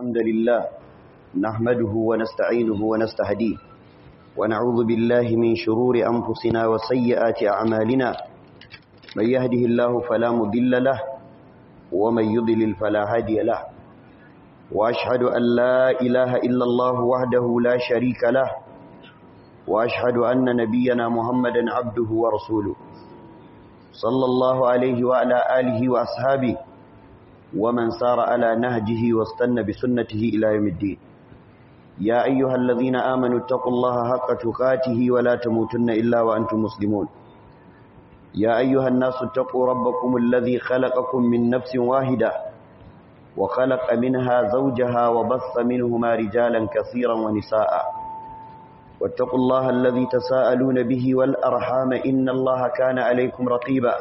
الحمد لله نحمده ونستعينه ونستهديه ونعوذ بالله من شرور أنفسنا وسيئات أعمالنا من يهده الله فلا مضل له ومن يضلل فلا هادي له وأشهد أن لا إله إلا الله وحده لا شريك له وأشهد أن نبينا محمدا عبده ورسوله صلى الله عليه وعلى آله وأصحابه ومن سار على نهجه واستنى بسنته إلى يوم الدين يا أيها الذين آمنوا اتقوا الله حق تقاته ولا تموتن إلا وأنتم مسلمون يا أيها الناس اتقوا ربكم الذي خلقكم من نفس واحدة وخلق منها زوجها وبث منهما رجالا كثيرا ونساء واتقوا الله الذي تساءلون به والأرحام إن الله كان عليكم رقيباً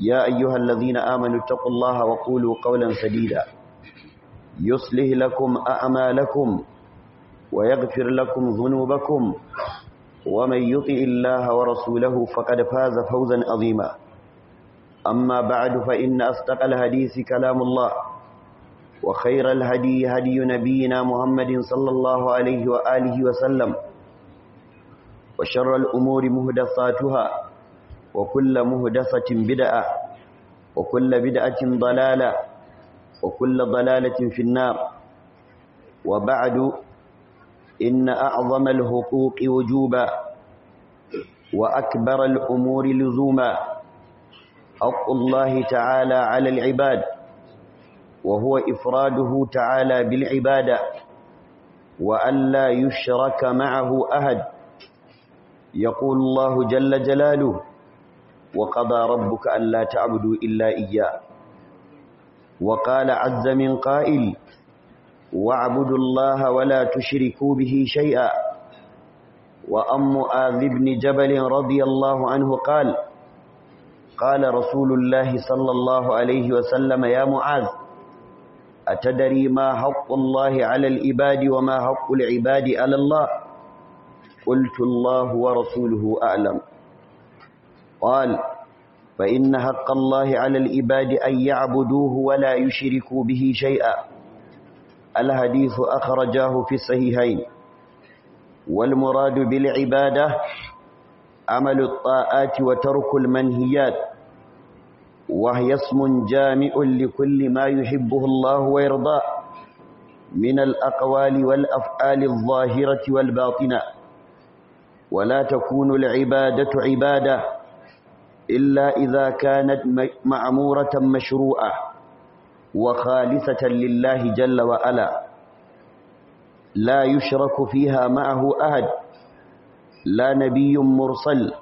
يا أيها الذين آمنوا اتقوا الله وقولوا قولا سديدا يصلح لكم أعمالكم ويغفر لكم ذنوبكم ومن يطع الله ورسوله فقد فاز فوزا عظيما أما بعد فإن أصدق الحديث كلام الله وخير الهدي هدي نبينا محمد صلى الله عليه وآله وسلم وشر الأمور مهدثاتها وكل مهدفة بدعة وكل بدعة ضلالة وكل ضلالة في النار وبعد إن أعظم الحقوق وجوبا وأكبر الأمور لزوما حق الله تعالى على العباد وهو إفراده تعالى بالعبادة وأن لا يشرك معه أحد يقول الله جل جلاله وقضى ربك ألا تعبدوا إلا إياه وقال عز من قائل واعبدوا الله ولا تشركوا به شيئا وأم مؤاذ بن جبل رضي الله عنه قال قال رسول الله صلى الله عليه وسلم يا معاذ أتدري ما حق الله على العباد وما حق العباد على الله قلت الله ورسوله أعلم قال فإن حق الله على العباد أن يعبدوه ولا يشركوا به شيئا الحديث أخرجاه في الصحيحين والمراد بالعبادة عمل الطاعات وترك المنهيات وهي اسم جامع لكل ما يحبه الله ويرضاه من الأقوال والأفعال الظاهرة والباطنة ولا تكون العبادة عبادة إلا إذا كانت معمورة مشروعة وخالصة لله جل وعلا لا يشرك فيها معه أحد لا نبي مرسل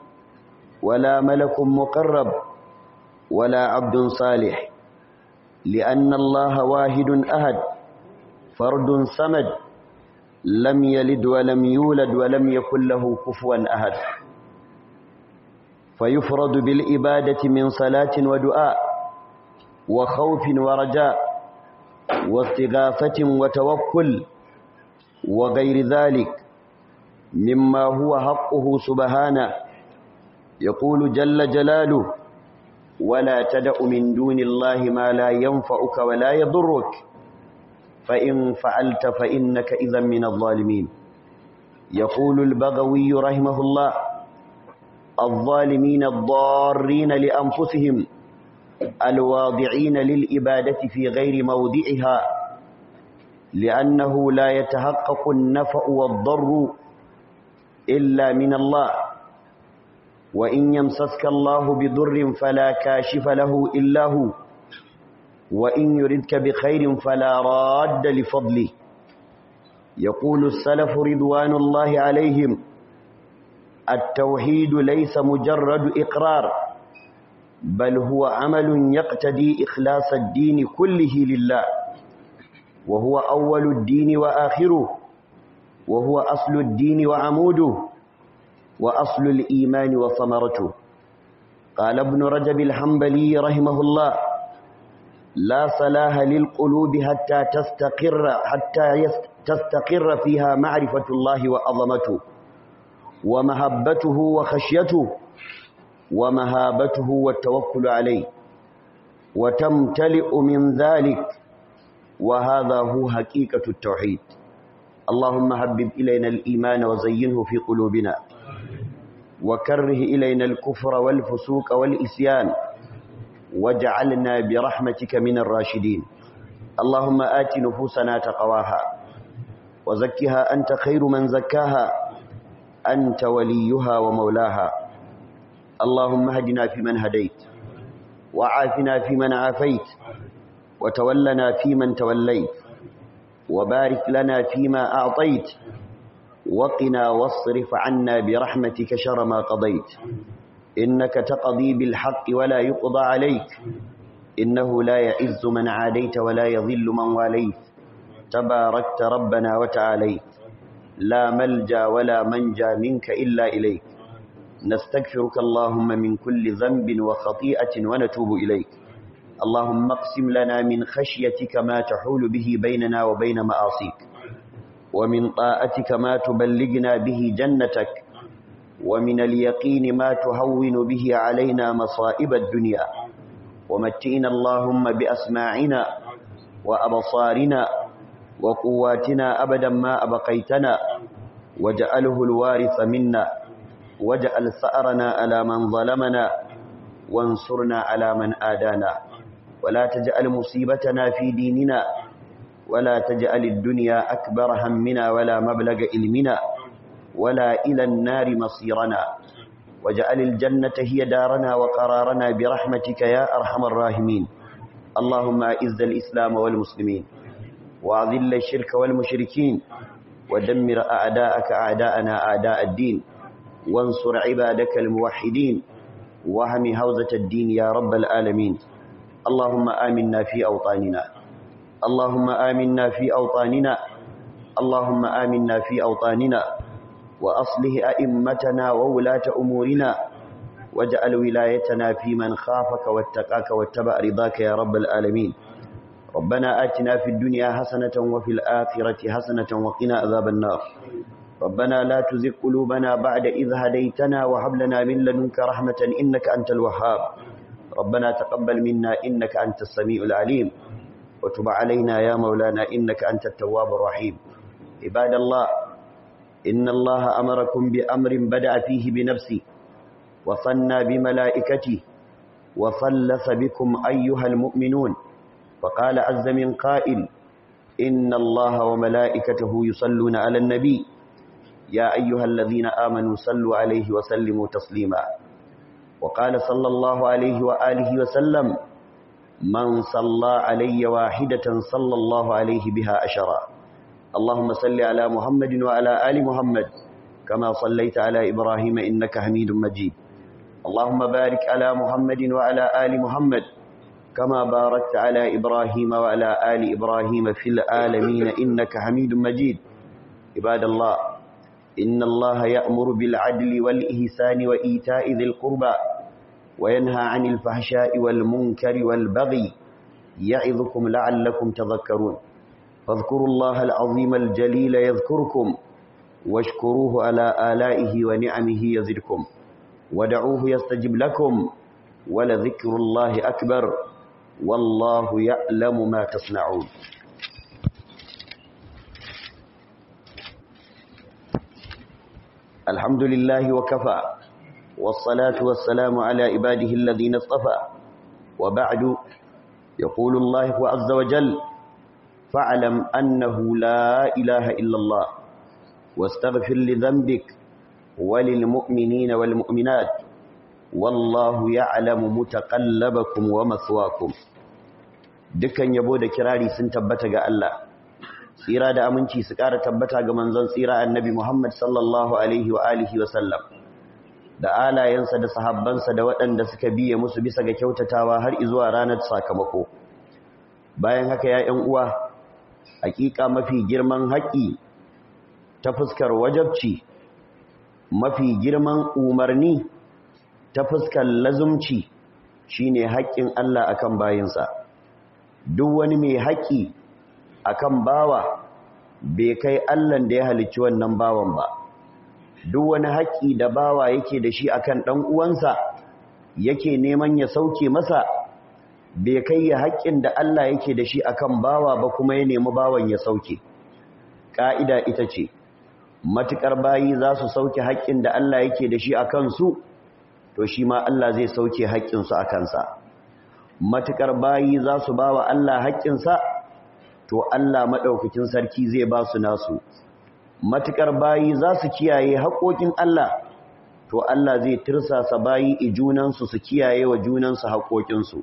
ولا ملك مقرب ولا عبد صالح لأن الله واحد أحد فرد صمد لم يلد ولم يولد ولم يكن له كفوا أحد فيفرد بالإبادة من صلاة ودعاء وخوف ورجاء واستغاثة وتوكل وغير ذلك مما هو حقه سبحانه يقول جل جلاله ولا تدع من دون الله ما لا ينفعك ولا يضرك فإن فعلت فإنك إذا من الظالمين يقول البغوي رحمه الله الظالمين الضارين لأنفسهم الواضعين للإبادة في غير موضعها لأنه لا يتحقق النفأ والضر إلا من الله وإن يمسسك الله بضر فلا كاشف له إلا هو وإن يردك بخير فلا راد لفضله يقول السلف رضوان الله عليهم التوحيد ليس مجرد إقرار بل هو عمل يقتدي إخلاص الدين كله لله وهو أول الدين وآخره وهو أصل الدين وعموده وأصل الإيمان وثمرته قال ابن رجب الحنبلي رحمه الله لا صلاح للقلوب حتى تستقر حتى تستقر فيها معرفة الله وعظمته ومهبته وخشيته ومهابته والتوكل عليه وتمتلئ من ذلك وهذا هو حقيقة التوحيد اللهم هبب إلينا الإيمان وزينه في قلوبنا وكره إلينا الكفر والفسوق والإسيان واجعلنا برحمتك من الراشدين اللهم آت نفوسنا تقواها وزكها أنت خير من زكاها أنت وليها ومولاها اللهم اهدنا فيمن هديت وعافنا فيمن عافيت وتولنا فيمن توليت وبارك لنا فيما أعطيت وقنا واصرف عنا برحمتك شر ما قضيت إنك تقضي بالحق ولا يقضى عليك إنه لا يعز من عاديت ولا يضل من واليت تباركت ربنا وتعاليت لا ملجا ولا منجا منك إلا إليك نستغفرك اللهم من كل ذنب وخطيئة ونتوب إليك اللهم اقسم لنا من خشيتك ما تحول به بيننا وبين معاصيك ومن طاعتك ما تبلغنا به جنتك ومن اليقين ما تهون به علينا مصائب الدنيا ومتئنا اللهم بأسماعنا وأبصارنا وقواتنا أبدا ما أبقيتنا واجعله الوارث منا واجعل ثأرنا على من ظلمنا وانصرنا على من آدانا ولا تجعل مصيبتنا في ديننا ولا تجعل الدنيا أكبر همنا ولا مبلغ علمنا ولا إلى النار مصيرنا واجعل الجنة هي دارنا وقرارنا برحمتك يا أرحم الراحمين اللهم أعز الإسلام والمسلمين وأذل الشرك والمشركين ودمر أعداءك أعداءنا أعداء الدين وانصر عبادك الموحدين وهم هوزة الدين يا رب العالمين اللهم آمنا في أوطاننا اللهم آمنا في أوطاننا اللهم آمنا في أوطاننا وأصله أئمتنا وولاة أمورنا واجعل ولايتنا في من خافك واتقاك واتبع رضاك يا رب العالمين ربنا آتنا في الدنيا حسنة وفي الآخرة حسنة وقنا عذاب النار ربنا لا تزغ قلوبنا بعد إذ هديتنا وهب لنا من لدنك رحمة إنك أنت الوهاب ربنا تقبل منا إنك أنت السميع العليم وتب علينا يا مولانا إنك أنت التواب الرحيم عباد الله إن الله أمركم بأمر بدأ فيه بنفسه وصنى بملائكته وصلث بكم أيها المؤمنون وقال عز من قائل إن الله وملائكته يصلون على النبي يا أيها الذين آمنوا صلوا عليه وسلموا تسليما وقال صلى الله عليه وآله وسلم من صلى علي واحدة صلى الله عليه بها أشرا اللهم صل على محمد وعلى آل محمد كما صليت على إبراهيم إنك حميد مجيد اللهم بارك على محمد وعلى آل محمد كما باركت على إبراهيم وعلى آل إبراهيم في العالمين إنك حميد مجيد عباد الله إن الله يأمر بالعدل والإحسان وإيتاء ذي القربى وينهى عن الفحشاء والمنكر والبغي يعظكم لعلكم تذكرون فاذكروا الله العظيم الجليل يذكركم واشكروه على آلائه ونعمه يزدكم ودعوه يستجب لكم ولذكر الله أكبر والله يعلم ما تصنعون الحمد لله وكفى والصلاة والسلام على عباده الذين اصطفى وبعد يقول الله عز وجل فاعلم أنه لا إله إلا الله واستغفر لذنبك وللمؤمنين والمؤمنات wallahu ya ya'lamu mutaqallabakum wa maswaakum dukan yabo da kirari sun tabbata ga Allah tsira da aminci su ƙara tabbata ga manzon tsira annabi Muhammad sallallahu alaihi wa alihi wa sallam da alayensa da sahabbansa da waɗanda suka biye musu bisa ga kyautatawa har izuwa ranar sakamako bayan haka ya ƴan uwa hakika mafi girman haƙi ta fuskar wajabci mafi girman umarni ta fuskar lazumci shine haƙƙin Allah a kan bayinsa duk wani mai haƙƙi a kan bawa bai kai Allah da ya halicci wannan bawan ba duk wani haƙƙi da bawa yake da shi a kan ɗan'uwansa yake neman ya sauke masa bai kai ya haƙƙin da Allah yake da shi a kan bawa ba kuma ya nemi bawan ya sauke ƙa'ida ita ce matuƙar bayi za su sauke haƙƙin da Allah yake da shi a kansu to shi ma Allah zai sauke haƙƙinsu a kansa matuƙar bayi za su ba wa Allah haƙƙinsa to Allah maɗaukakin sarki zai ba su nasu matuƙar bayi za su kiyaye haƙoƙin Allah to Allah zai tirsasa bayi junansu su kiyaye wa junansu haƙoƙinsu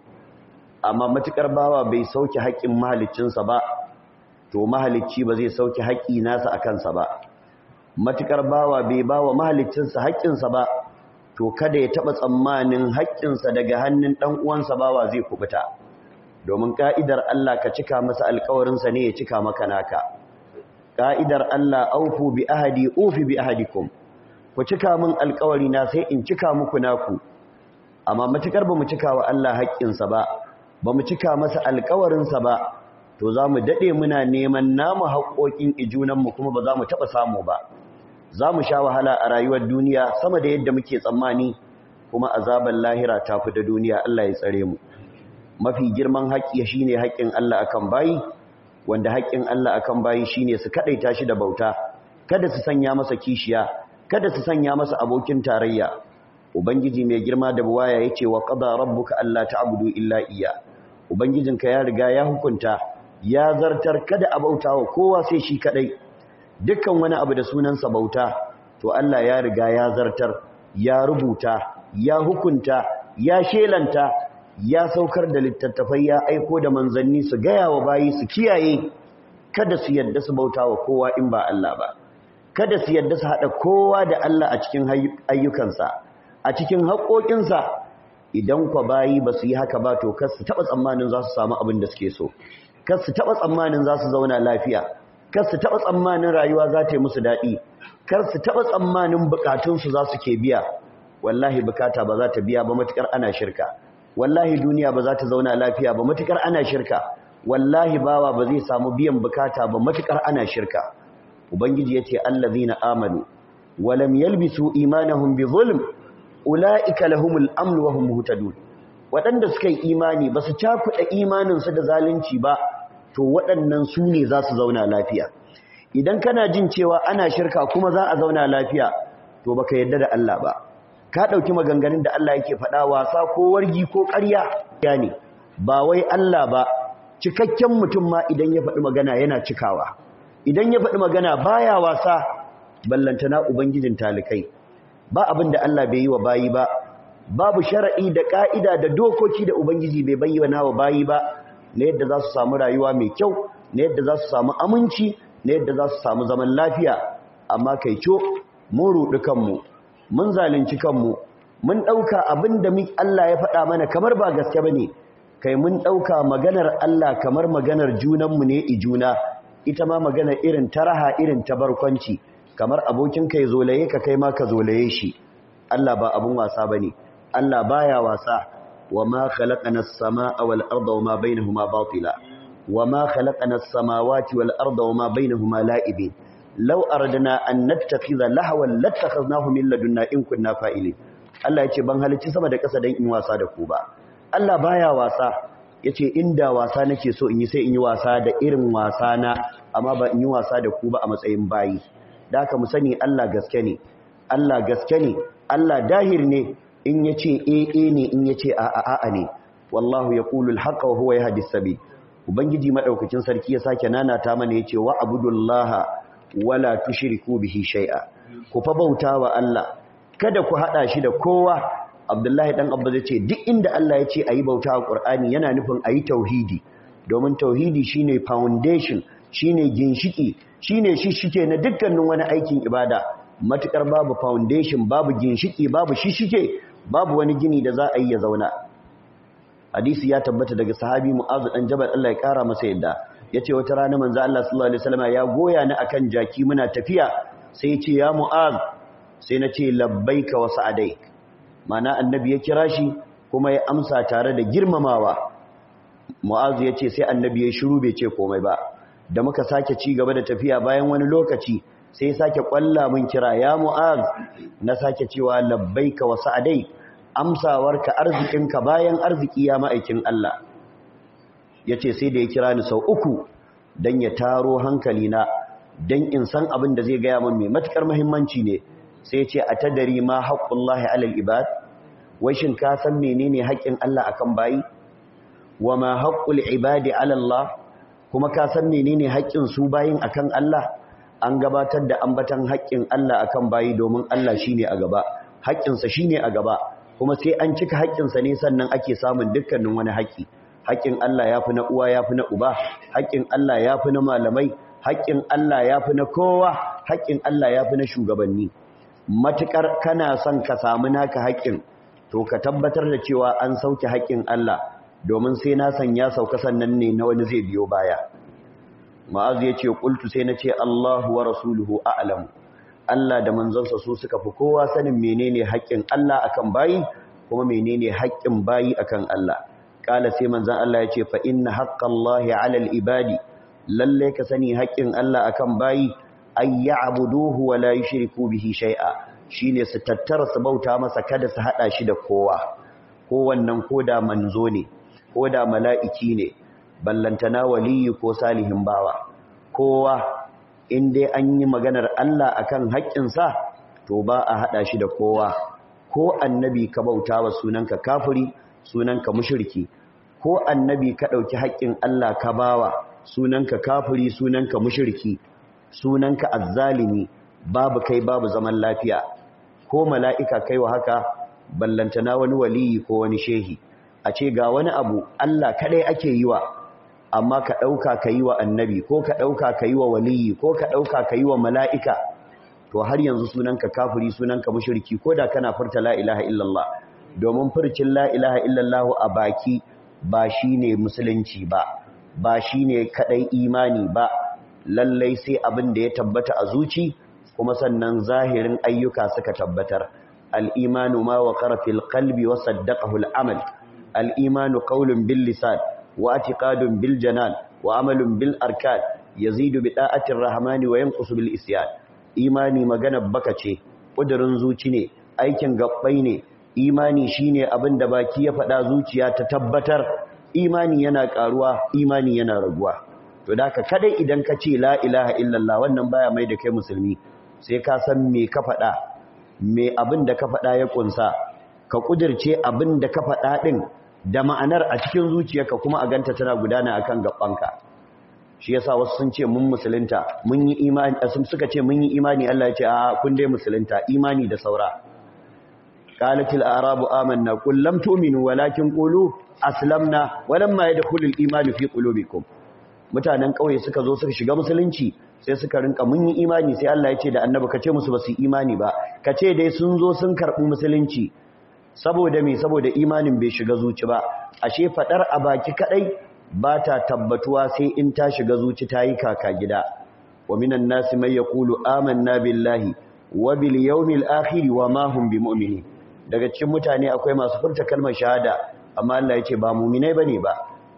amma matuƙar bawa bai sauke haƙƙin mahaliccinsa ba to mahalicci ba zai sauke haƙƙi nasa a kansa ba matukar bawa bai ba wa mahaliccinsa haƙƙinsa ba to kada ya taɓa tsammanin haƙƙinsa daga hannun ɗan uwansa bawa zai kubuta domin ƙa'idar Allah ka cika masa alƙawarinsa ne ya cika maka naka ka'idar Allah aufu bi ahadi ufi bi ahadi ahadikum ku cika min alƙawari na sai in cika muku naku amma matukar ba mu cika wa Allah haƙƙinsa ba ba mu cika masa alƙawarinsa ba to za mu daɗe muna neman namu haƙoƙin ijunanmu kuma ba za mu taɓa samu ba za mu sha wahala a rayuwar duniya sama da yadda muke tsammani kuma azabar lahira ta fi da duniya Allah ya tsare mu mafi girman haƙƙi shine haƙƙin Allah akan bayi wanda haƙƙin Allah akan bayi shine su kadaita shi da bauta kada su sanya masa kishiya kada su sanya masa abokin tarayya ubangiji mai girma da buwaya yace wa qada rabbuka alla ta'budu illa iya ubangijinka ya riga ya hukunta ya zartar kada a bautawa kowa sai shi kaɗai. dukkan wani abu da sunansa bauta to Allah ya riga ya zartar ya rubuta ya hukunta ya shelanta ya saukar da littattafai ya aiko da manzanni su gaya wa bayi su kiyaye kada su yadda su bauta wa kowa in ba Allah ba kada su yadda su haɗa kowa da Allah a cikin ayyukansa a cikin haƙoƙinsa idan kwa bayi ba su yi haka ba to kar su taɓa tsammanin za su samu abin da suke so kar su taɓa tsammanin za su zauna lafiya kar su taɓa tsammanin rayuwa za ta yi musu daɗi kar su taɓa tsammanin bukatunsu za su ke biya wallahi bukata ba za ta biya ba matukar ana shirka wallahi duniya ba za ta zauna lafiya ba matukar ana shirka wallahi bawa ba zai samu biyan bukata ba matukar ana shirka ubangiji yace allazina amanu walam yalbisu imanahum bi zulm ulaika lahumul amn wa hum muhtadun wadanda suka yi imani basu cakuɗa imanin su da zalunci ba to waɗannan su ne za su zauna lafiya idan kana jin cewa ana shirka kuma za a zauna lafiya to baka yadda da Allah ba ka ɗauki maganganun da Allah yake faɗa wasa ko wargi ko ƙarya ya ne ba wai Allah ba cikakken mutum ma idan ya faɗi magana yana cikawa idan ya faɗi magana baya wasa ballantana ubangijin talikai ba abin da Allah bai yi wa bayi ba babu shara'i da ka'ida da dokoki da ubangiji bai bayyana wa bayi ba na yadda za su samu rayuwa mai kyau na yadda za su samu aminci na yadda za su samu zaman lafiya amma kai co mun ruɗi kanmu mun zalunci kanmu mun ɗauka abin da Allah ya faɗa mana kamar ba gaske ba ne kai mun ɗauka maganar Allah kamar maganar junanmu ne ijuna, ita ma magana irin ta raha irin ta barkwanci kamar abokinka ya zolaye ka kai ma ka zolaye shi Allah ba abin wasa ba ne Allah baya wasa وما خلقنا السماء والأرض وما بينهما باطلا وما خلقنا السماوات والأرض وما بينهما لائبين لو أردنا أن نتخذ لهوا لاتخذناه من لدنا إن كنا فائلين Allah ya ce ban halicci sama da ƙasa don in wasa da ku ba Allah baya wasa ya ce inda wasa nake so in yi sai in yi wasa da irin wasa na amma ba in yi wasa da ku ba a matsayin bayi da haka mu sani Allah gaske ne Allah gaske ne Allah dahir ne in ya ce AA eh, eh ne in ya ce a'a ne wallahu ya kulul haka huwa ya hadis sabi ubangiji maɗaukacin sarki ya sake nanata mana ya ce wa abudullaha wala tushriku bihi shai'a. ku fa bauta wa Allah kada ku haɗa shi da kowa Abdullahi ɗan Abba zai ce duk inda Allah ya ce ayi bauta a Qur'ani yana nufin ayi tauhidi domin tauhidi shine foundation shine ginshiki shine shishike na dukkanin wani aikin ibada matukar babu foundation babu ginshiki babu shishike babu wani gini da za a yi ya zauna hadisi ya tabbata daga sahabi mu'azu dan jabal Allah ya kara masa yadda yace wata rana manzo Allah sallallahu alaihi wasallam ya goya ni akan jaki muna tafiya sai yace ya mu'az sai nace labbaika wa sa'adaik mana annabi ya kira shi kuma ya amsa tare da girmamawa mu'az yace sai annabi ya shiru bai ce komai ba da muka sake ci gaba da tafiya bayan wani lokaci sai sake kwalla mun kira ya mu'az na sake cewa labbaika wa adai amsawarka arzikinka bayan arziki ya ma'aikin Allah ya ce sai da ya kira ni sau uku don ya taro hankali na, don in san abin da zai gaya mai matukar mahimmanci ne sai ce a tadari ma lahi alal ibad wai ka san menene haƙƙin Allah akan bayi wa ma haƙƙul ibadi alallah kuma ka san menene haƙƙin su bayin akan Allah an gabatar da ambatan haƙƙin Allah akan bayi domin Allah shine a gaba haƙƙinsa shine a gaba kuma sai an cika haƙƙinsa ne sannan ake samun dukkanin wani haƙƙi haƙƙin Allah ya fi na uwa ya fi na uba haƙƙin Allah ya fi na malamai haƙƙin Allah ya fi na kowa haƙƙin Allah ya fi na shugabanni matuƙar kana son ka samu naka haƙƙin to ka tabbatar da cewa an sauke haƙƙin Allah domin sai na san ya sauka sannan ne na wani zai biyo baya ma'az ya ce qultu sai na ce Allahu wa rasuluhu a'lamu Allah da manzansa su suka fi kowa sanin menene haƙƙin Allah akan bayi kuma menene haƙƙin bayi akan Allah kala sai manzan Allah ya ce fa inna haqqallahi 'alal ibadi lalle ka sani haƙƙin Allah akan bayi ay ya'buduhu wa la yushriku bihi shay'a shine su tattara su bauta masa kada su hada shi da kowa ko da koda manzo ne koda mala'iki ne ballantana Waliyu ko salihin bawa kowa in dai an yi maganar Allah a kan haƙƙinsa to ba a haɗa shi da kowa ko annabi ka bauta wa sunanka kafuri, sunanka mushriki ko annabi ka ɗauki haƙƙin Allah ka bawa sunanka kafiri sunanka mushriki sunanka azzalimi babu kai babu zaman lafiya ko mala'ika kai wa haka ballantana wani waliyi ko wani shehi a ce ga wani abu Allah kaɗai ake yi wa amma ka ɗauka ka yi wa annabi ko ka ɗauka ka yi wa waliyi ko ka ɗauka ka yi wa mala'ika to har yanzu sunanka kafuri sunanka mashirki ko da kana furta la'ilaha illallah domin furcin la'ilaha illallah a baki ba shi ne musulunci ba ba shi ne kaɗai imani ba lallai sai abin da ya tabbata a zuci kuma sannan zahirin ayyuka suka tabbatar al'imanu ma wa ƙarfi kalbi wa saddaka amal al'imanu ƙaunin bin lisan واعتقاد بالجنان وعمل بالاركان يزيد بطاعه الرحمن وينقص بالإسيان إيماني مغنب بكتي قدرن زوتيني aikin gabbai ne imani shine abin da baki ya faɗa zuciya ta tabbatar imani yana ƙaruwa imani yana raguwa to da ka kadai idan ka ce la ilaha illallah wannan baya mai da kai musulmi sai ka san me ka faɗa me abin da ka faɗa ya kunsa ka kudirce abin da ka faɗa din da ma'anar a cikin zuciyarka kuma a ganta tana gudana akan gabbanka shi yasa wasu sun ce mun musulunta mun yi imani sun suka ce mun yi imani Allah ya ce a kun dai musulunta imani da saura qalatil arabu amanna na lam tu'minu walakin qulu aslamna da yadkhulul imani fi qulubikum mutanen kauye suka zo suka shiga musulunci sai suka rinka mun yi imani sai Allah ya ce da annabi ce musu ba su imani ba Ka ce dai sun zo sun karɓi musulunci saboda me saboda imanin bai shiga zuci ba ashe fadar a baki kadai ba ta tabbatuwa sai in ta shiga zuci ta yi kaka gida wa minan nasi mai yaqulu amanna billahi wa bil yawmil akhir wa ma hum mu'mini daga cikin mutane akwai masu furta kalmar shahada amma Allah ya ce ba mu'minai bane ba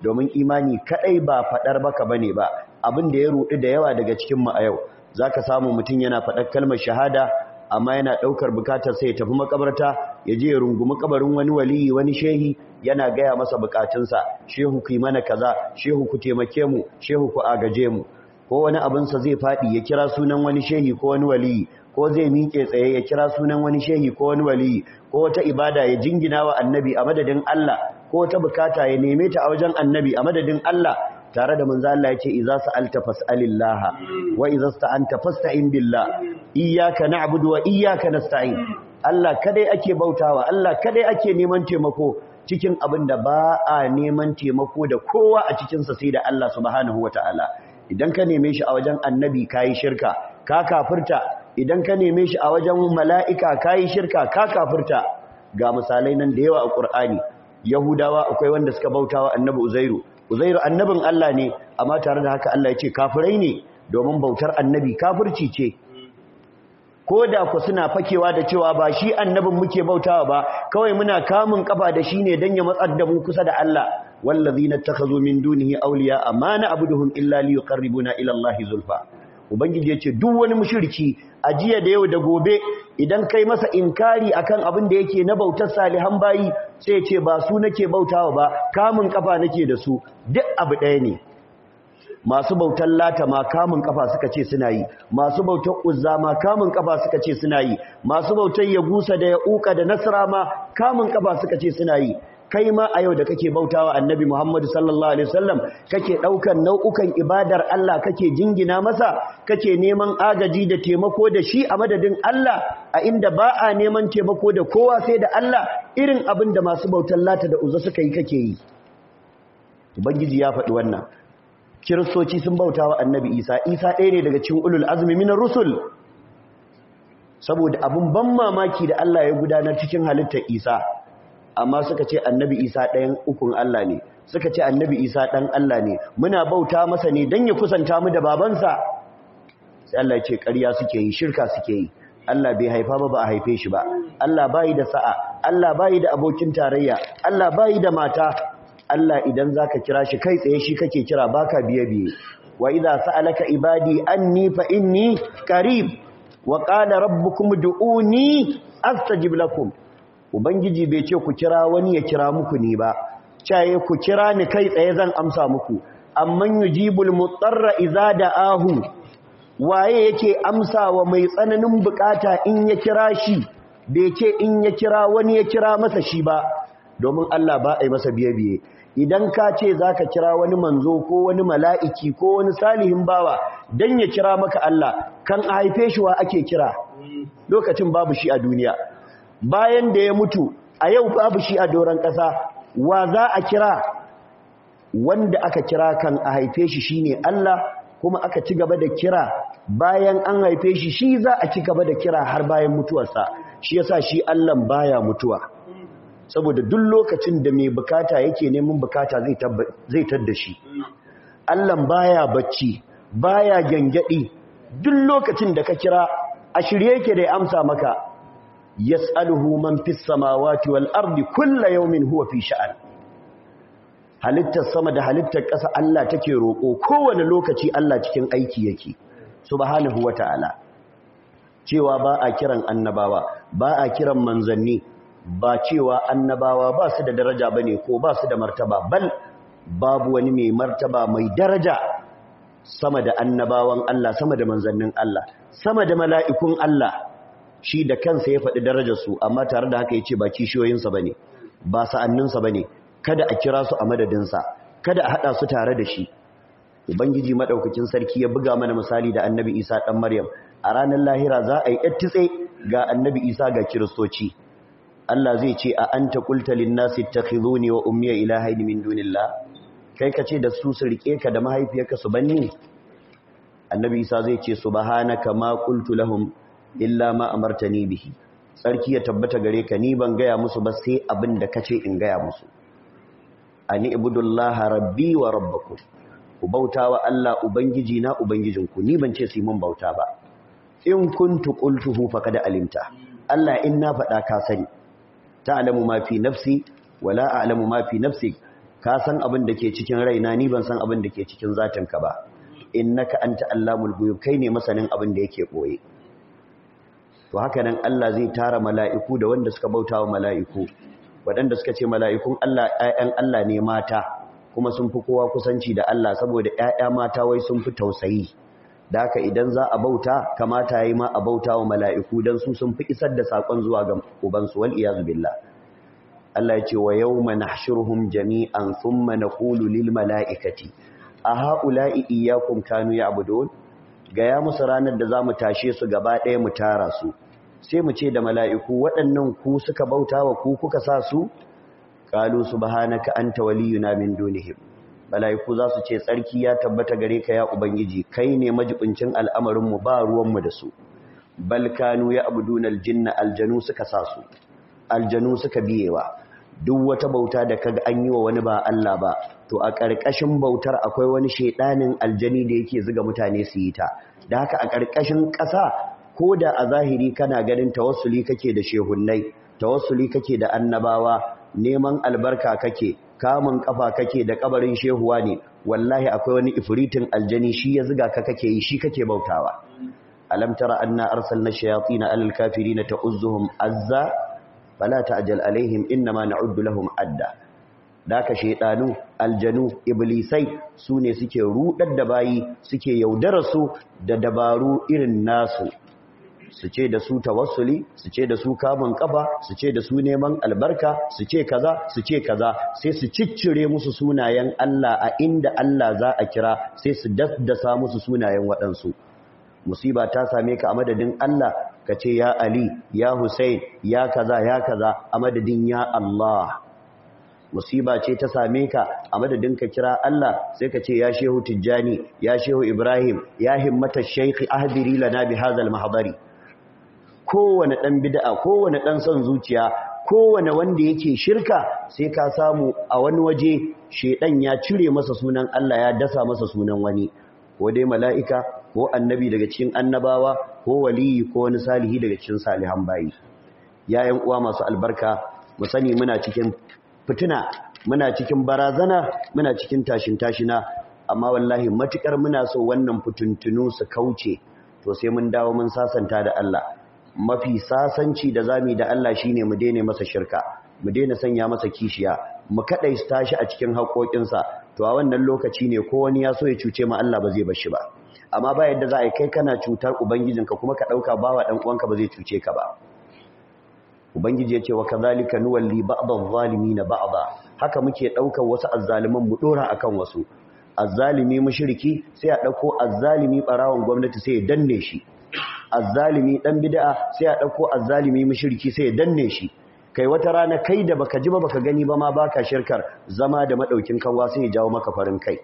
domin imani kadai ba fadar baka bane ba abin da ya ruɗu da yawa daga cikin mu a yau zaka samu mutum yana fadar kalmar shahada amma yana ɗaukar bukatar sai ya tafi makabarta ya je ya rungumi kabarin wani waliyi wani shehi yana gaya masa bukatunsa shehu ku yi mana kaza shehu ku taimake mu shehu ku agaje mu ko wani abin zai faɗi ya kira sunan wani shehi ko wani waliyi ko zai miƙe tsaye ya kira sunan wani shehi ko wani waliyi ko wata ibada ya jingina wa annabi a madadin Allah ko wata bukata ya neme ta a wajen annabi a madadin Allah tare da manzo Allah yace idza sa'alta fas'alillah wa idza sta'anta fasta'in billah iyyaka na'budu wa iyyaka nasta'in Allah kadai ake bautawa Allah kadai ake neman taimako cikin abin da ba a neman taimako da kowa a cikin sa sai da Allah subhanahu wataala idan ka neme shi a wajen annabi kai shirka ka kafirta idan ka neme shi a wajen mala'ika kai shirka ka kafirta ga misalai nan da yawa a Qur'ani Yahudawa akwai wanda suka bautawa annabi Uzairu uzairu annabin Allah ne amma tare da haka Allah ya ce kafirai ne domin bautar annabi kafirci ce ko da ku suna fakewa da cewa ba shi annabin muke bautawa ba kawai muna kamun kafa da shi ne dan ya matsar da mu kusa da Allah wallazina takhazu min dunihi awliya amana abuduhum illa liyuqarribuna ila Allahi zulfa ubangiji ya ce duk wani a jiya da yau da gobe idan kai masa inkari akan abin da yake na bautar salihan bayi sai ya ce ba su nake bautawa ba kamun kafa nake da su duk abu ɗaya ne masu bautar lata ma kamun kafa suka ce suna yi masu bautar uzza ma kamun kafa suka ce suna yi masu bautar yagusa da ya uka da nasra ma kamun kafa suka ce suna yi kai ma a yau da kake bauta wa annabi Muhammadu sallallahu alaihi wasallam kake ɗaukan nau'ukan ibadar Allah kake jingina masa kake neman agaji da taimako da shi a madadin Allah a inda ba a neman taimako da kowa sai da Allah irin abin da masu bautan lata da uzza suka yi kake yi ubangiji ya faɗi wannan kiristoci sun bauta wa annabi Isa Isa ɗaya ne daga cikin ulul azumi minar rusul saboda abin ban mamaki da Allah ya gudanar cikin halittar Isa amma suka ce annabi isa ɗayan ukun Allah ne suka ce annabi isa ɗan Allah ne muna bauta masa ne don ya kusanta mu da babansa sai Allah ce ƙarya suke yi shirka suke yi Allah bai haifa ba ba a haife shi ba Allah bayi da sa'a Allah bayi da abokin tarayya Allah bayi da mata Allah idan zaka kira shi kai tsaye shi kake kira baka biye biye wa idza sa'alaka ibadi anni fa inni qarib wa qala rabbukum ud'uni astajib lakum ubangiji bai ce ku kira wani ya kira muku ne ba caye ku kira ni kai tsaye zan amsa muku amman mutsarra iza da ahu. waye yake amsa wa mai tsananin bukata in ya kira shi bai ce in ya kira wani ya kira masa shi ba domin Allah ba a yi masa biye biye idan ka ce za ka kira wani manzo ko wani mala'iki ko wani salihin bawa don ya kira maka Allah kan a haife shi wa ake kira lokacin babu shi a duniya bayan da ya mutu a yau babu shi a doron ƙasa wa za a kira wanda aka kira kan a haife shi shine Allah kuma aka ci gaba da kira bayan an haife shi shi za a ci gaba da kira har bayan mutuwarsa shi yasa shi Allah baya mutuwa saboda duk lokacin da mai bukata yake neman bukata zai zai tadda shi Allah baya bacci baya gangadi duk lokacin da ka kira a shirye yake da ya amsa maka yas'aluhu man fis samawati wal ardi kullu yawmin huwa fi sha'an halittar sama da halittar ƙasa Allah take roƙo kowane lokaci Allah cikin aiki yake subhanahu wata'ala cewa ba a kiran annabawa ba a kiran manzanni ba cewa annabawa ba su da daraja bane ko ba su da martaba bal babu wani mai martaba mai daraja sama da annabawan Allah sama da manzannin Allah sama da mala'ikun Allah shi da kansa ya faɗi darajarsu amma tare da haka ya ce ba kishiyoyinsa ba ne ba sa'anninsa ba ne kada a kira su a madadinsa kada a haɗa su tare da shi ubangiji maɗaukakin sarki ya buga mana misali da annabi isa ɗan maryam a ranar lahira za a yi ƴattitse ga annabi isa ga kiristoci allah zai ce a an ta kulta linnasi ta ne wa ummiya yi min dunillah kai ka ce da su su riƙe ka da mahaifiyarka su banni annabi isa zai ce subhanaka ma qultu lahum illa ma a martani bihi sarki ya tabbata gare ka ni ban gaya musu ba sai abin da kace in gaya musu ani ibudullaha rabbi wa rabbakum ku bauta wa Allah ubangiji na ubangijinku ni ban ce su mun bauta ba in kuntu qultuhu faqad alimta Allah in na faɗa ka sani ta'lamu ma fi nafsi wala a'lamu ma fi nafsi ka san abin da ke cikin raina ni ban san abin da ke cikin zatinka ba In innaka anta allamul ghuyub kai ne masanin abin da yake ɓoye. to haka nan Allah zai tara mala'iku da wanda suka bauta wa mala'iku waɗanda suka ce mala'ikun Allah ‘ya'yan Allah ne mata kuma sun fi kowa kusanci da Allah saboda ‘ya'ya mata wai sun fi tausayi da haka idan za a bauta kamata ya yi ma a bauta wa mala'iku don su sun fi isar da saƙon zuwa ga ubansu wal iyazu billah Allah ce wa yau ma jami'an thumma naqulu lil mala'ikati a ha'ula'i iyyakum gaya musu ranar da za mu tashe su gaba ɗaya mu tara su sai mu ce da mala'iku waɗannan ku suka bauta wa ku kuka sa su ƙalu su bahanaka an na min dunihim mala'iku za su ce tsarki ya tabbata gare ka ya ubangiji kai ne majibincin al'amarinmu ba ruwanmu da su balkanu ya dunar aljinna aljanu suka sa su aljanu suka biyewa duk wata bauta da kaga an yi wa wani ba Allah ba to a ƙarƙashin bautar akwai wani shedanin aljani da yake zuga mutane su yi ta da haka a ƙarƙashin ƙasa ko da a zahiri kana ganin tawassuli kake da shehunnai tawassuli kake da annabawa neman albarka kake kamun kafa kake da kabarin shehuwa ne wallahi akwai wani ifritin aljani shi ya zuga ka kake yi shi kake bautawa alam tara anna arsalna shayatin alal na ta'uzzuhum azza fala ta'jal alaihim innama na'uddu lahum adda daka shedanu aljanu iblisai su ne suke rudar da bayi suke yaudara su da dabaru irin nasu su ce da su tawassuli su ce da su kamun kafa su ce da su neman albarka su ce kaza su ce kaza sai su ciccire musu sunayen Allah a inda Allah za a kira sai su daddasa musu sunayen waɗansu musiba ta same ka a madadin Allah ka ce ya Ali ya Hussein ya kaza ya kaza a madadin ya Allah musiba ce ta same ka a madadin ka kira Allah sai ka ce ya Shehu Tijjani ya Shehu Ibrahim ya himmata Sheikh ahdiri lana bi hadal mahdari kowane dan bid'a kowane dan son zuciya kowane wanda yake shirka sai ka samu a wani waje shedan ya cire masa sunan Allah ya dasa masa sunan wani ko dai mala'ika ko annabi daga cikin annabawa ko waliyi ko wani salihi daga cikin salihan bayi yayan uwa masu albarka mu sani muna cikin fitina muna cikin barazana muna cikin tashin tashina amma wallahi matukar muna so wannan fituntunu su kauce to sai mun dawo mun sasanta da Allah mafi sasanci da zami da Allah shine mu daina masa shirka mu daina sanya masa kishiya mu kadai tashi a cikin haƙoƙinsa to a wannan lokaci ne ko wani ya so ya cuce mu Allah ba zai bar shi ba amma ba yadda za a yi kai kana cutar ubangijinka kuma ka ɗauka bawa ɗan uwanka ba zai cuce ka ba ubangiji ya ce wa ka kazalika nuwalli na a ba. haka muke ɗaukar wasu azzaliman mu ɗora a kan wasu azzalimi mushriki sai a ɗauko azzalimi barawon gwamnati sai ya danne shi azzalimi ɗan bida'a sai a ɗauko azzalimi mushriki sai ya danne shi kai wata rana kai da baka ji ba baka gani ba ma baka shirkar zama da maɗaukin kanwa sai ya jawo maka farin kai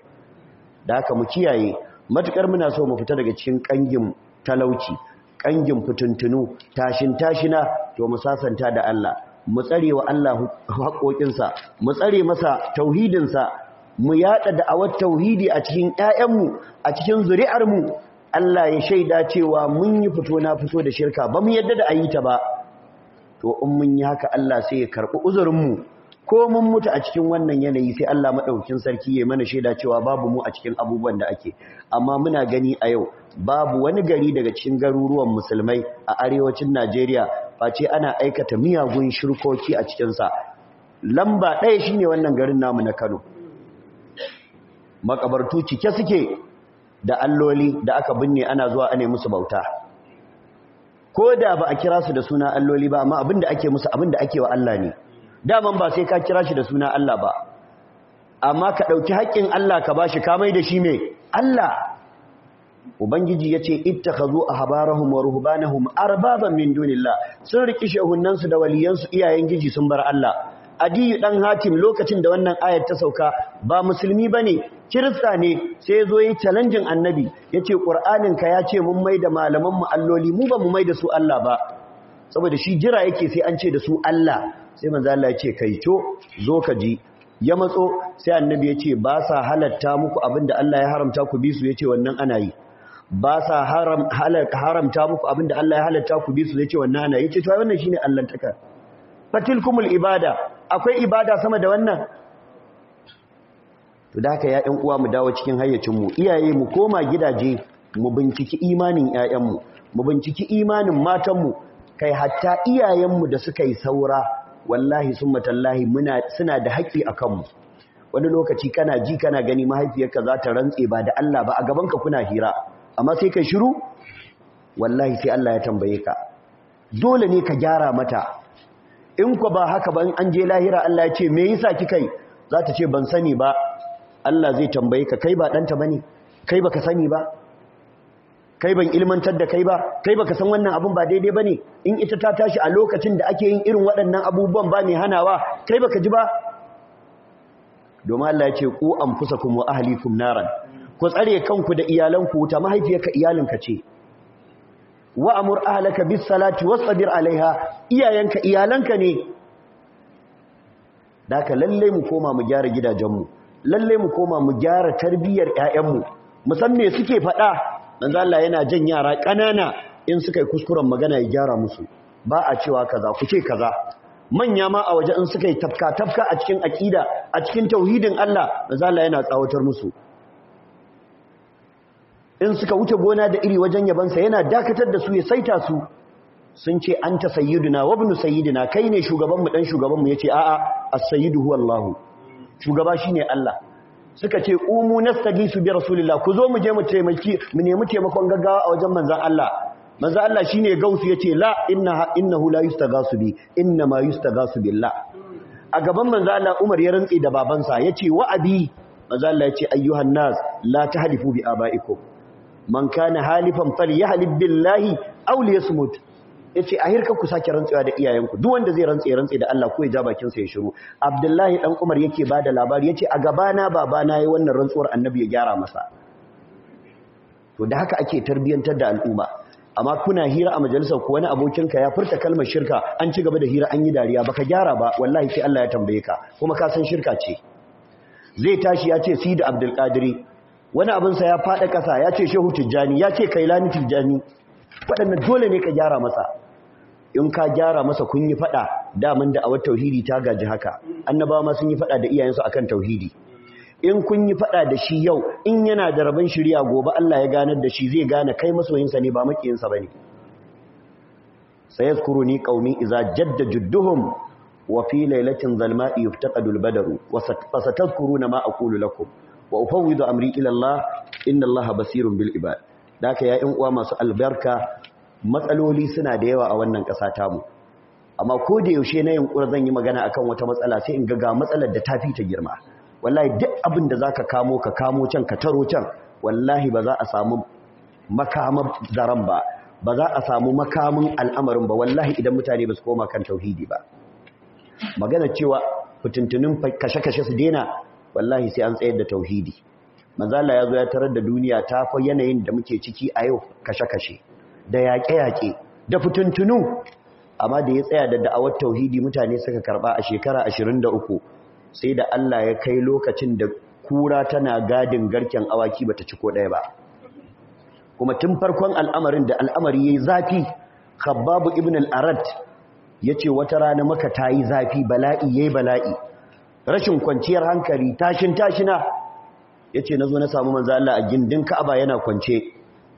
da haka mu kiyaye matukar muna so mu fita daga cikin ƙangin talauci ƙangin fituntunu tashin tashina to mu sasanta da Allah mu tsare wa Allah haƙoƙinsa mu tsare masa tauhidinsa mu da da'awar tauhidi a cikin ƴaƴanmu a cikin zuri'armu Allah ya shaida cewa mun yi fito na fito da shirka ba mu yadda da ayi ta ba to in mun yi haka Allah sai ya karɓi uzurinmu ko mun mutu a cikin wannan yanayi sai Allah madaukin sarki ya mana shaida cewa babu mu a cikin abubuwan da ake amma muna gani a yau babu wani gari daga cikin garuruwan musulmai a arewacin Najeriya face ana aikata miyagun shirkoki a cikin sa lamba ɗaya shine wannan garin namu na Kano makabartu cike suke da alloli da aka binne ana zuwa ane musu bauta ko da ba a kira su da suna alloli ba amma abinda ake musu abinda ake wa Allah ne daman ba sai ka kira shi da suna Allah ba amma ka ɗauki haƙƙin Allah ka bashi ka mai da shi mai Allah ubangiji yace ittakhadhu ahbarahum wa ruhbanahum arbaban min dunillah sun riki shehunan su da waliyan iyayen giji sun bar Allah adiyu dan hatim lokacin da wannan ayar ta sauka ba musulmi bane kirista ne sai zo yi challenge annabi yace qur'anin ka ce mun mai da malaman mu alloli mu ba mu mai da su Allah ba saboda shi jira yake sai an ce da su Allah sai manzo Allah ya ce kai to zo ka ji ya matso sai annabi ya ce ba sa halatta muku abinda Allah ya haramta ku bi su ya ce wannan ana yi ba sa haram haramta muku abinda Allah ya halatta ku bi su ya ce wannan ana yi ce to wannan shine allantaka fatilkumul ibada akwai ibada sama da wannan to da haka ya uwa mu dawo cikin hayyacin mu iyaye mu koma gidaje mu binciki imanin ƴaƴan mu mu binciki imanin matan mu kai hatta iyayen mu da suka yi saura wallahi summa muna suna da haƙƙi a kanmu wani lokaci kana ji kana gani mahaifiyarka za ta rantse ba da Allah ba a gabanka kuna hira amma sai ka shiru wallahi sai Allah ya tambaye ka dole ne ka gyara mata in ku ba haka ba an je lahira Allah ya ce me yasa kika yi za ta ce ban sani ba Allah zai tambaye ka kai ba danta bane kai baka sani ba kai ban ilmantar da kai ba kai baka san wannan abun ba daidai bane in ita ta tashi a lokacin da ake yin irin waɗannan abubuwan ba mai hanawa kai baka ji ba domin Allah ya ce ku anfusakum wa ahlikum naran ku tsare kanku da iyalanku wuta mahaifiyarka iyalinka ce wa amur ahlaka bis salati wasbir alaiha iyayenka iyalanka ne daka lalle mu koma mu gyara gidajen mu lalle mu koma mu gyara tarbiyyar ƴaƴanmu mu san me suke faɗa manzo Allah yana jan yara ƙanana in suka yi kuskuren magana ya gyara musu ba a cewa kaza ku ce kaza manya ma a waje in suka yi tafka tafka a cikin akida a cikin tauhidin Allah manzo Allah yana tsawatar musu in suka wuce gona da iri wajen yabansa yana dakatar da su ya saita su sun ce an ta sayyiduna wa ibn sayyiduna kai ne shugabanmu dan shugabanmu yace a'a as-sayyidu huwa Allah shugaba shine Allah suka ce umu nastagisu bi rasulillah ku zo mu je mu mu nemi taimakon gaggawa a wajen manzon Allah manzon Allah shine gausu yace la inna innahu la yustagasu bi inna ma yustagasu billah a gaban manzon Allah Umar ya rantsi da babansa yace wa abi manzon Allah yace ayyuhan nas la tahlifu bi abaikum man kana halifan falyahlib billahi aw liyasmut ya ce a hirka ku sake rantsuwa da iyayenku duk wanda zai rantse rantse da Allah ko ya ja bakinsa ya shiru Abdullahi dan Umar yake bada labari ya ce a gabana babana yi wannan rantsuwar annabi ya gyara masa to da haka ake tarbiyantar da al'umma amma kuna hira a majalisar ku wani abokinka ya furta kalmar shirka an ci gaba da hira an yi dariya baka gyara ba wallahi sai Allah ya tambaye ka kuma ka san shirka ce zai tashi ya ce sidi abdul qadiri wani sa ya faɗa kasa ya ce shehu tijjani ya ce kailani tijjani waɗannan dole ne ka gyara masa in ka gyara masa kun yi fada daman da awar tauhidi ta gaji haka annabawa ma sun yi fada da iyayensu akan tauhidi in kun yi fada da shi yau in yana da rabon shirya gobe Allah ya ganar da shi zai gane kai masoyinsa ne ba makiyinsa bane sayazkuruni qaumi idza jadda judduhum wa fi lailatin zalma'i yuftaqadu al-badaru wa satadhkuruna ma aqulu lakum wa ufawwidu amri ila Allah inna Allah basirun bil ibad daka ya 'yan uwa masu albarka matsaloli suna da yawa a wannan ƙasa tamu amma ko da yaushe na ƙura zan yi magana a kan wata matsala sai in ga ga matsalar da fi ta girma wallahi duk abin da za ka kamo ka kamo can ka taro can wallahi ba za a samu makaman zaren ba ba za a samu makamin al'amarin ba wallahi idan mutane basu koma kan tauhidi ba magana cewa fitintunin kashe-kashe su dena wallahi sai an tsayar da tauhidi manzala ya zo ya tarar da duniya ta fa yanayin da muke ciki a yau kashe-kashe da yaƙe-yaƙe da fitintunu amma da ya tsaya da da'awar tauhidi mutane suka karɓa a shekara 23 sai da Allah ya kai lokacin da kura tana gadin garken awaki bata ci ko ɗaya ba kuma tun farkon al'amarin da al'amari ya yi zafi khababu ibn al-Arad ce wata rana maka tayi zafi bala'i ya yi bala'i rashin kwanciyar hankali tashin tashina yace nazo na samu manzo Allah a gindin Ka'aba yana kwance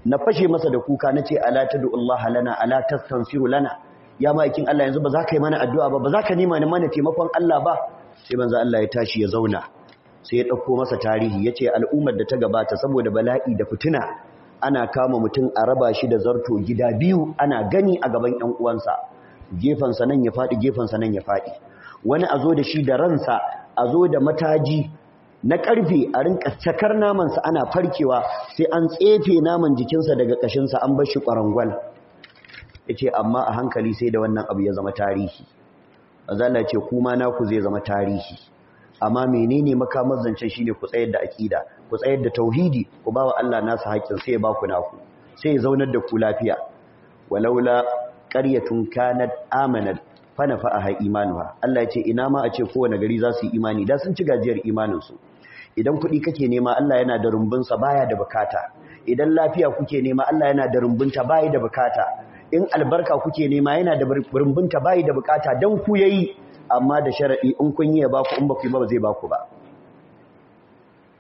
na fashe masa da kuka na ce ala tadu Allah lana ala tastansiru lana ya ma'aikin Allah yanzu ba za ka yi mana addu'a ba ba za ka nima ni mana taimakon Allah ba sai manzo Allah ya tashi ya zauna sai ya ɗauko masa tarihi Ya ce al'ummar da ta gabata saboda bala'i da fitina ana kama mutum a raba shi da zarto gida biyu ana gani a gaban yan uwansa sa nan ya faɗi sa nan ya faɗi wani a zo da shi da ransa a zo da mataji na karfe a rinka cakar namansa ana farkewa sai an tsefe naman jikinsa daga ƙashinsa, an bashi ƙwarangwal. Ya ce, amma a hankali sai da wannan abu ya zama tarihi zana ce kuma naku zai zama tarihi amma menene makamar zancen ne ku tsayar da aƙida, ku tsayar da tauhidi ku ba wa Allah nasu haƙin sai ya baku naku sai ya zaunar da ku lafiya walaula ƙaryatun kanat amanat fa imanu ha Allah ya ce ina ma a ce kowane gari za su yi imani da sun ci gajiyar imaninsu. idan kuɗi kake nema Allah yana da rumbunsa baya da bukata idan lafiya kuke nema Allah yana da rumbunta baya da bukata in albarka kuke nema yana da rumbunta baya da bukata don ku ya yi, amma da sharaɗi, in kun yi ya baku in ba yi ba zai baku ba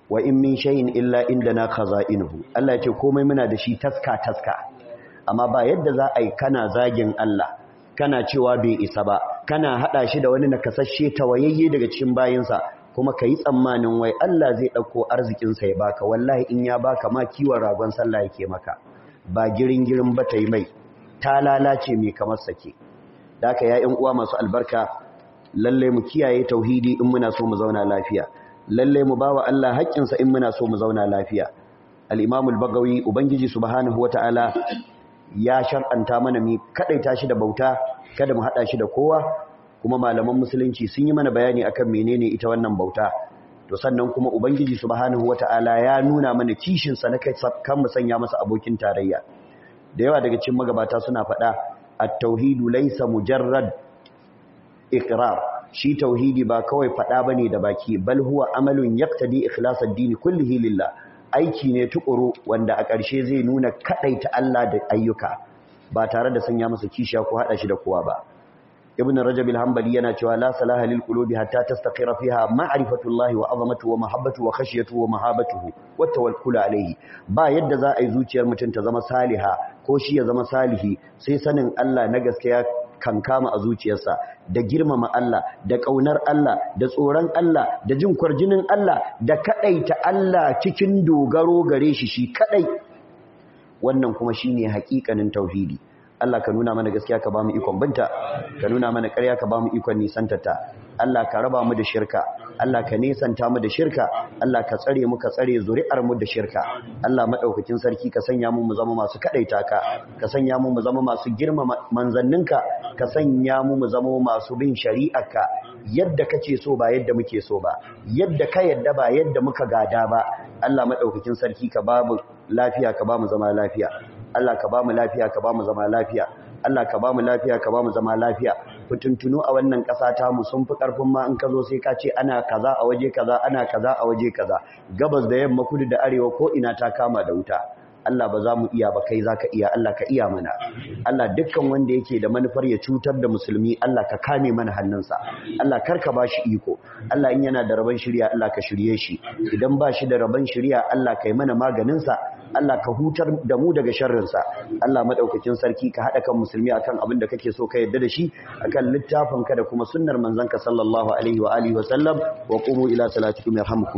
wa in min shay'in illa inda na kaza khaza'inuhu Allah ya ce komai muna da shi taska taska amma ba yadda za a yi kana zagin Allah kana cewa bai isa ba kana hada shi da wani nakasasshe tawayayye daga cikin bayinsa kuma ka tsammanin wai Allah zai ɗauko sa ya baka wallahi in ya baka ma kiwon ragon sallah yake maka ba girin girin ba ta mai ta lalace mai kamar sake da ya yan uwa masu albarka lallai mu kiyaye tauhidi in muna so mu zauna lafiya lallai mu bawa Allah haƙƙinsa in muna so mu zauna lafiya al-imamul bagawi ubangiji subhanahu wata'ala ya shar'anta mana mi kadaita shi da bauta kada mu hada shi da kowa kuma malaman musulunci sun yi mana bayani akan menene ita wannan bauta to sannan kuma ubangiji subhanahu wataala ya nuna mana kishin sa na kan mu sanya masa abokin tarayya da yawa daga cikin magabata suna faɗa at-tauhidu laysa mujarrad iqrar shi tauhidi ba kawai faɗa bane da baki bal huwa amalun yaqtadi ikhlasa ad-din kullihi lillah aiki ne tukuru wanda a ƙarshe zai nuna kaɗaita Allah da ayyuka ba tare da sanya masa kishiya ko haɗa shi da kowa ba ibn rajab al-hanbali yana cewa la salaha lil qulubi hatta tastaqira fiha ma'rifatu Allah wa 'azamatu wa mahabbatu wa khashyatu wa mahabatuhu wa tawakkul alayhi ba yadda za a yi zuciyar mutum ta zama saliha ko shi ya zama salihi sai sanin Allah na gaskiya kankama a zuciyarsa da girmama Allah da ƙaunar Allah da tsoron Allah da jin kwarjinin Allah da kaɗaita Allah cikin dogaro gare shi shi kaɗai wannan kuma shine haƙiƙanin tauhidi Allah ka nuna mana gaskiya ka ba mu ikon banta ka nuna mana ƙarya ka ba mu ikon ta. Allah ka raba mu da shirka Allah ka nisanta mu da shirka Allah ka tsare mu ka tsare zuri'ar mu da shirka Allah madaukakin sarki ka sanya mu mu zama masu kadaita ka ka sanya mu mu zama masu girmama manzanninka ka sanya mu mu zama masu bin shari'arka yadda kace so ba yadda muke so ba yadda ka yadda ba yadda muka gada ba Allah madaukakin sarki ka mu lafiya ka ba mu zama lafiya Allah ka ba mu lafiya ka ba mu zama lafiya Allah ka ba mu lafiya ka ba mu zama lafiya fitintunu a wannan ƙasa ta mu sun fi ƙarfin ma in ka zo sai ka ce ana kaza a waje kaza ana kaza a waje kaza gabas da yamma kudu da arewa ko ina ta kama da wuta Allah ba za mu iya ba kai zaka iya Allah ka iya mana Allah dukkan wanda yake da manufar ya cutar da musulmi Allah ka kame mana hannunsa Allah kar ka bashi iko Allah in yana da rabon shirya Allah ka shirye shi idan ba shi da rabon shirya Allah kai mana maganin sa Allah ka hutar da mu daga sharrinsa Allah madaukakin sarki ka hada kan musulmi akan abin da kake so ka yadda da shi akan littafin ka da kuma sunnar manzanka sallallahu alaihi wa alihi wa sallam wa qumu ila salatikum yarhamukum